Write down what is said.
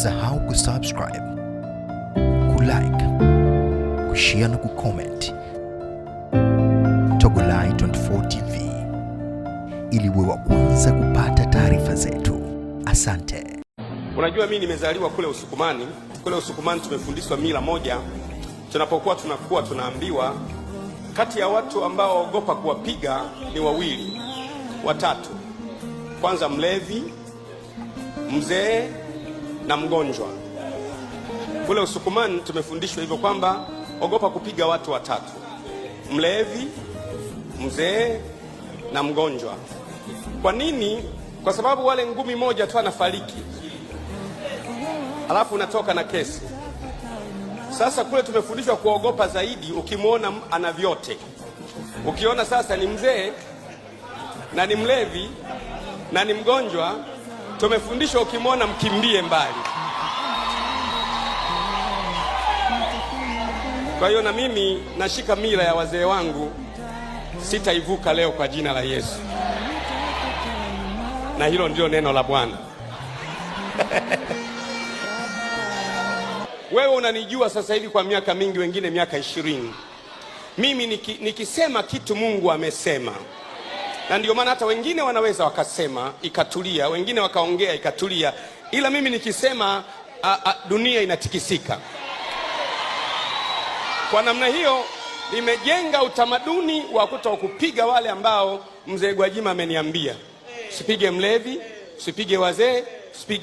Usisahau kusubscribe, kulike, kushare na kucomment Togolai 24 TV ili uwe wa kwanza kupata taarifa zetu. Asante. Unajua, mimi nimezaliwa kule Usukumani. Kule Usukumani tumefundishwa mila moja, tunapokuwa tunakuwa tunaambiwa kati ya watu ambao waogopa kuwapiga ni wawili watatu, kwanza mlevi, mzee na mgonjwa. Kule Usukumani tumefundishwa hivyo kwamba ogopa kupiga watu watatu, mlevi, mzee na mgonjwa. Kwa nini? Kwa sababu wale ngumi moja tu anafariki, alafu unatoka na kesi. Sasa kule tumefundishwa kuogopa zaidi, ukimwona ana vyote, ukiona sasa ni mzee na ni mlevi na ni mgonjwa Tumefundishwa ukimwona mkimbie mbali. Kwa hiyo na mimi nashika mila ya wazee wangu, sitaivuka leo kwa jina la Yesu, na hilo ndio neno la Bwana. Wewe unanijua sasa hivi kwa miaka mingi, wengine miaka ishirini. Mimi niki, nikisema kitu Mungu amesema na ndio maana hata wengine wanaweza wakasema ikatulia, wengine wakaongea ikatulia, ila mimi nikisema a, a, dunia inatikisika. Kwa namna hiyo nimejenga utamaduni wa kuto kupiga wale ambao mzee Gwajima ameniambia usipige mlevi, usipige wazee, sipige